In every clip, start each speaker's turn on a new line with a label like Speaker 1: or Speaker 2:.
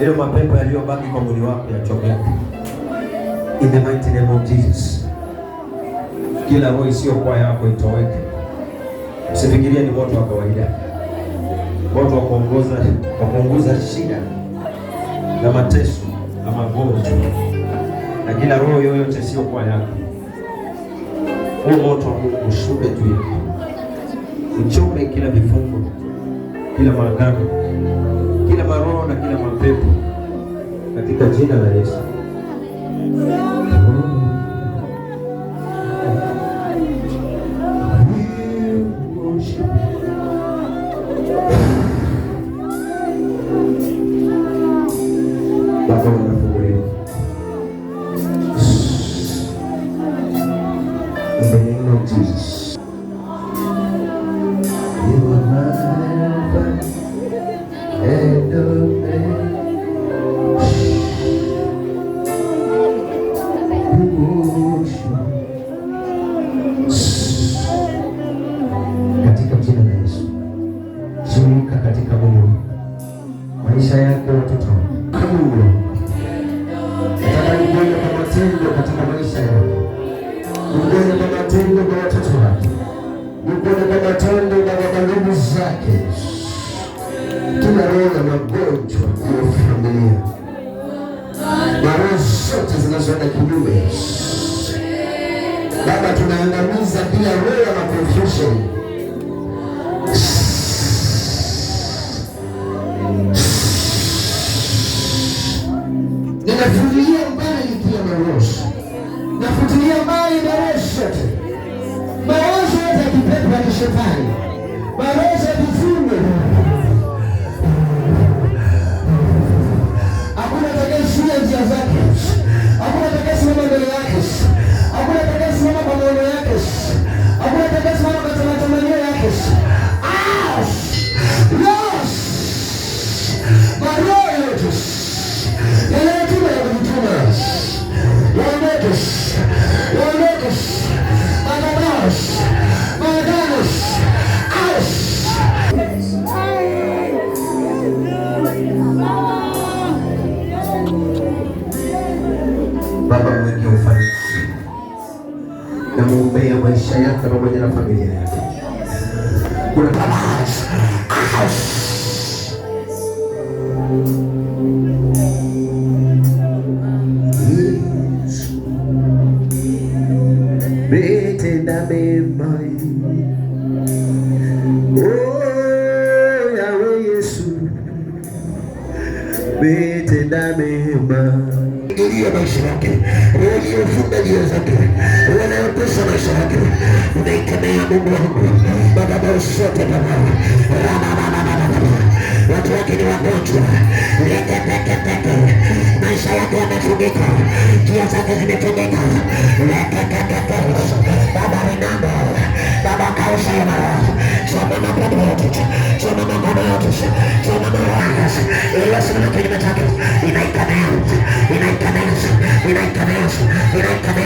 Speaker 1: Ile mapepo yaliyobaki kwa mwili wako yatoke. In the mighty name of Jesus. Kila roho isiyo kwa yako itoweke. Usifikirie ni moto wa kawaida. Moto wa kuongoza, wa kuongoza shida na mateso na magonjwa. Na kila roho yoyote isiyokuwa kwa yako. Huo moto wa Mungu ushuke juu yako. Uchome kila vifungo, kila maagano maroho na kila mapepo katika jina la Yesu. kuzunguka katika Mungu maisha yako watoto Mungu nataka kwa matendo katika maisha yako, nikuone kwa matendo kwa watoto wake, kwa matendo zake, kila roho ya magonjwa familia na roho zote zinazoenda kinyume Baba, tunaangamiza kila roho ya familia yake. Kuna Metenda mema, oh, ndiyo maisha yake, ndiyo njia zake unaitemea Mungu wangu Baba watu wake ni wagonjwa lekekeketeke, maisha yake yamefungika, njia zake zimefungika. lekekekeke Baba rinambo Baba kausema somama pamoyotis somama pamoyotis somama wayas iliyosimama kinyume chake inaitemea inaitemea inaitemea inaitemea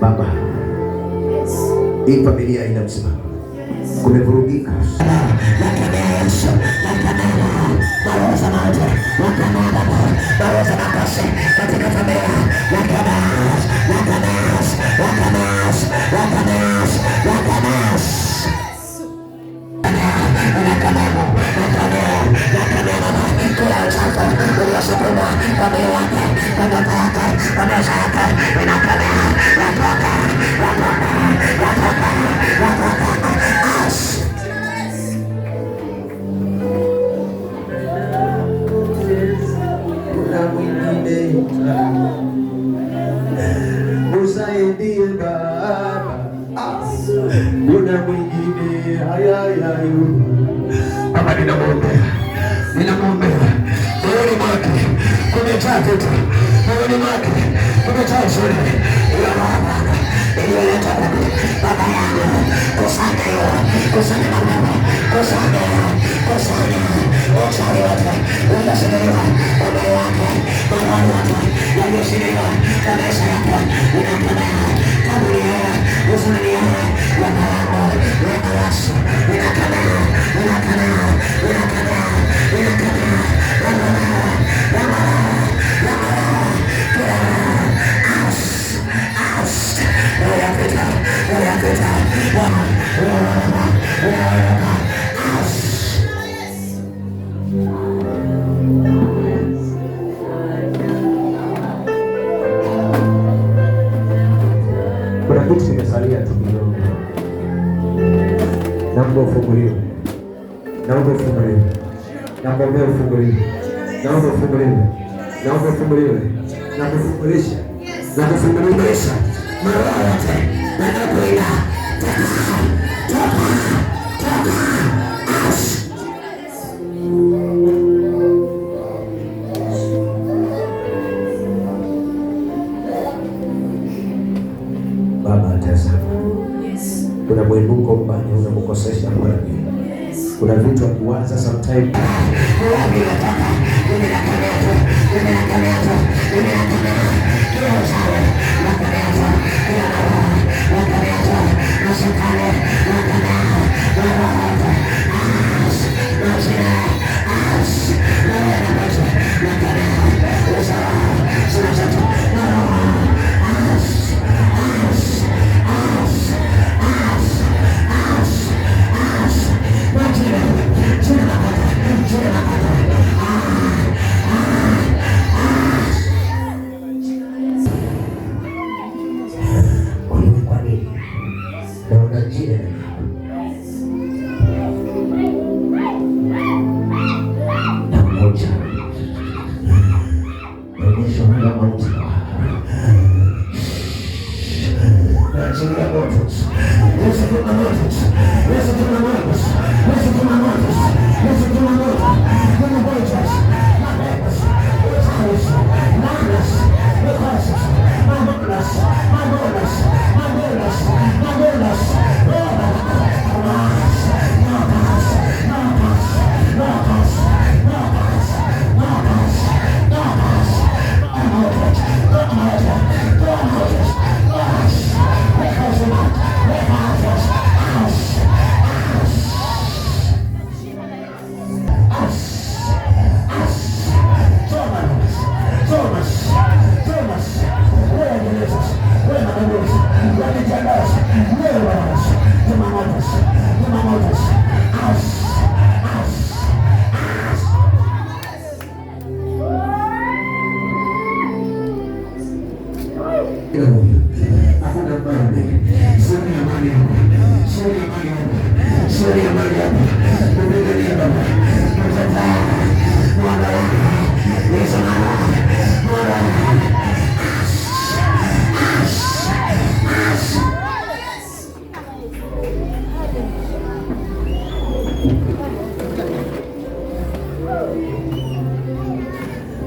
Speaker 1: Baba, hii familia ina msimamo Inakana, inakana, inakana, inakana, inakana. Naomba ufunguliwe, naomba ufunguliwe, naomba ufunguliwe, naomba ufunguliwe, naomba ufunguliwe, nakufungulisha, nakufungulisha mara yote, nakufungulisha, toka, toka, toka kuinuka upande unakukosesha mbani. Kuna vitu vya kuanza sometime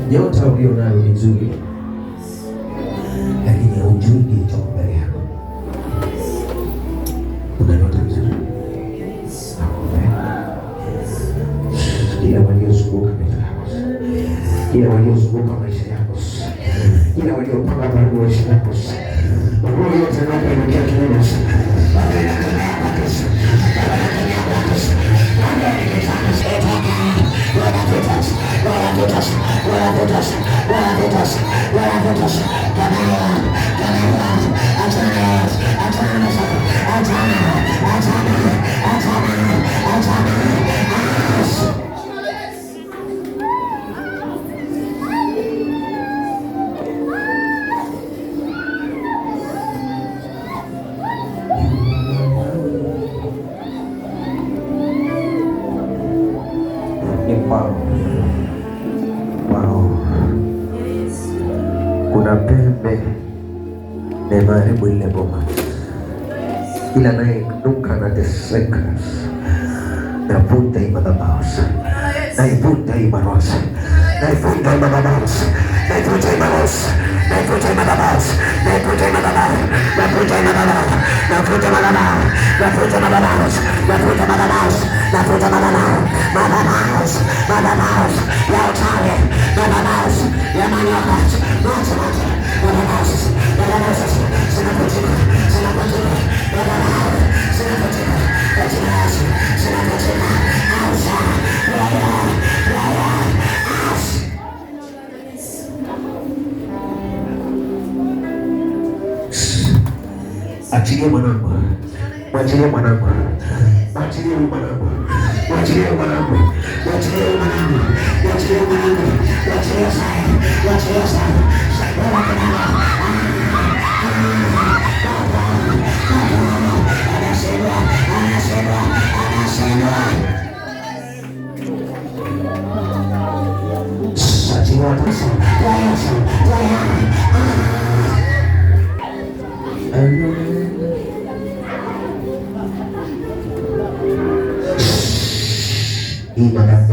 Speaker 1: Nyota ulionayo ni nzuri. roho yote inayoelekea kinyume anaharibu ile boma, yule anayeinuka anateseka, navunja hii madhabahu, naivunja hii marosi, naivunja hii madhabahu, naivunja hii marosi, naivunja hii madhabahu, naivunja hii madhabahu, naivunja hii madhabahu, naivunja madhabahu, naivunja madhabahu, naivunja madhabahu, naivunja madhabahu, madhabahu, madhabahu ya uchawi, madhabahu ya manyoka, maji, madhabahu mana ayo, mwanangu, mwachilie mwanangu, mwachilie mwanangu, mwachilie mwanangu, mwachilie mwanangu, mwachilie mwanangu, mwachilie Sai, mwachilie Sai, Sai ayo, ayo, anasema, anasema, anasema ayo, ayo, ayo, ayo, ayo, ayo, ayo Gracias.